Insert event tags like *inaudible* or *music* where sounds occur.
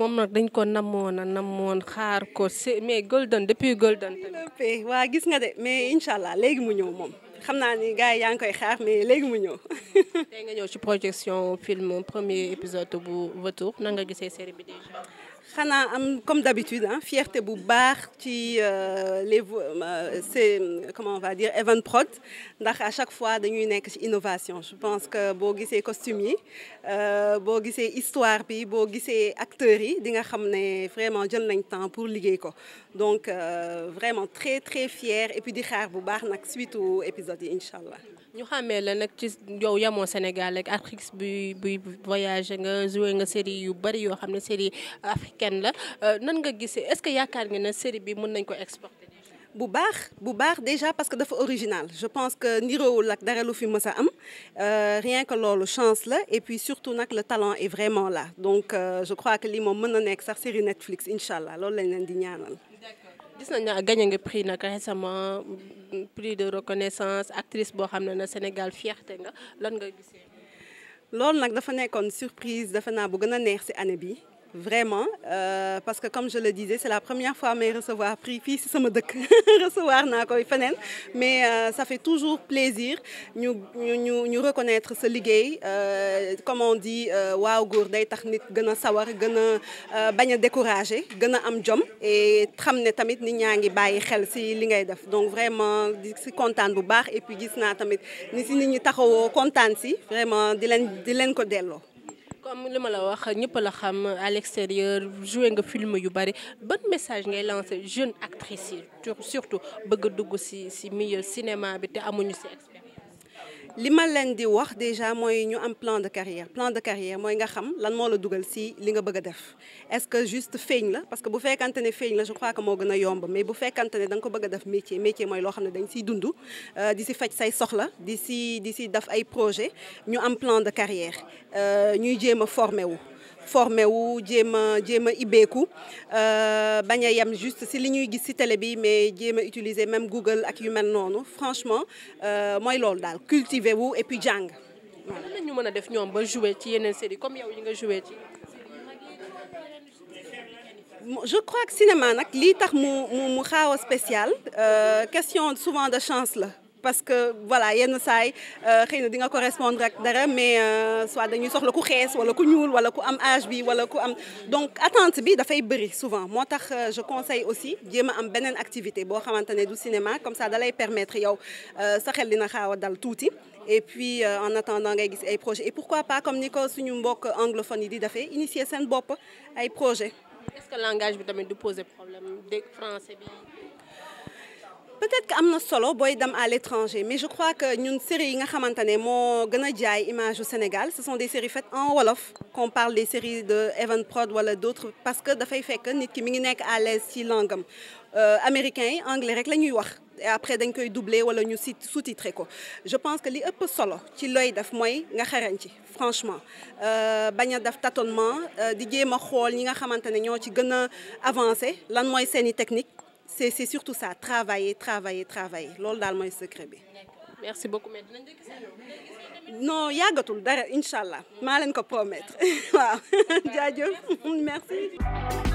moom nag dañ ko namoon a namoon xaar ko si mais golden depuis golden. waa gis nga de mais incha allah léegi mu ñëw moom xam naa ni gars yaa ngi koy xaar mais léegi mu ñëw. *laughs* tey nga ñëw ci projection film premier épisode bu retour nan nga gisee série bi déjà. xanaa am comme d'habitude ah fierté bu baax ci euh, les euh, c'est comment on va dire Evan Prod ndax à chaque fois dañuy nekk ci innovation je pense que boo gisee costume yi euh, boo gisee histoire bi boo gisee acteur yi di nga xam ne vraiment jël nañ temps pour liggéey ko donc vraiment très très fier et puis di xaar bu baax nag suite épisode yi incha allah ñu xàmmee la nag ci yow yamoo Sénégal ak actrice bi buy voyage nga joué nga série yu bari yoo xam ne série africaine la euh, nan nga gisee est-ce que yaakaar nga ne série bi mën nañ ko exporter bu baax bu baax déjà parce que dafa original je pense que niroowul ak dara lu fi mës sa am euh, rien que loolu chance la et puis surtout nag le talent est vraiment là donc euh, je crois que lii moom mën na nekk sax série Netflix incha allah loolu lañ leen di ñaanal. gis nañ ne gagné nga prix nag récemment prix de reconnaissance actrice boo xam ne na Sénégal fierté nga lan nga gisee. loolu nag dafa nekkoon surprise dafa naa bu gën a neex ci année bi vraiment euh, parce que comme je le disais c'est la première fois may recevoir prix fii si sama dëkk *laughs* recevoir naa koy feneen mais euh, ça fait toujours plaisir ñu ñu ñu reconnaître sa liggéey euh, comme on dit euh, waaw góor day tax nit gën a sawar gën a euh, bañ a découragé gën a am jom e xam ne tamit nit ñaa ngi bàyyi xel si li ngay def donc vraiment di si kontaan bu baax et puis gis naa tamit ni si nit ñi taxawoo kontaan si vraiment di leen di leen ko delloo comme li ma la wax ñëpp la xam à l'extérieur joué nga film yu bari ban message ngay lancer jeune actrice yi surtout bëgg dugg ci ci milieu cinéma bi te amuñu ci expérience li ma leen di wax déjà mooy ñu am plan de carrière plan de carrière mooy nga xam lan moo la dugal si li nga bëgg a def est-ce que juste feeñ la parce que bu fekkante ne feeñ la je crois que moo gën a yomb mais bu fekkante ne da nga ko bëgg a def métier métier mooy loo xam ne dañ siy dund euh, di si faj say soxla di si di si def ay projet ñu am plan de carrière euh, ñuy jéem a formé wu formé wu jéem a jéem a ibbeeku euh, bañ a yem juste si li ñuy gis si télé bi mais jéem a utiliser même Google ak yu mel noonu franchement euh, mooy loolu daal cultiver wu et puis jàng. waaw lan la mën a def ñoom ba jouer ci yeneen série comme yow yi nga jouer ci. je crois que cinéma nag lii tax mu mu mu xaaw a spécial euh, question souvent de chance la. parce que voilà yenn saay euh, xëy na di nga correspondre ak dara mais euh, soit dañuy soxla ku xees wala ku ñuul wala ku am âge bi wala ku am donc attente bi dafay bëri souvent moo tax euh, je conseil aussi jéem am beneen activité boo xamante ne du cinéma comme ça dalay permettre yow sa xel dina xaaw dal tuuti et puis en attendant ngay gis ay projet et pourquoi pas comme ni ko suñu mbokk anglophone yi di defee initier seen bopp ay projet et ce que langage bi tamit du poser problème de bi peut-être que am na solo booy dem à l'étranger mais je crois que ñun série yi nga xamante ne moo gën a jaay image du Sénégal ce sont des séries faites en wolof qu'on parle des séries de Evan Prod wala d'autres parce que dafay fekk nit ki mi ngi nekk à l'aise ci langue am euh, américains yi anglais rek la ñuy wax et après dañ koy doubler wala ñu si sous-titrer ko je pense que li ëpp solo ci looy def mooy nga xarañ ci franchement euh, bañ a def tâtonnement euh, di jéem a xool ñi nga xamante ne ñoo ci gën a avancé lan mooy seeni technique c'est surtout ça travailler travailler travailler loolu daal mooy secret bi. merci beaucoup mais non yàggatul dara incha allah. maa leen ko promettre *laughs* waaw *laughs* merci.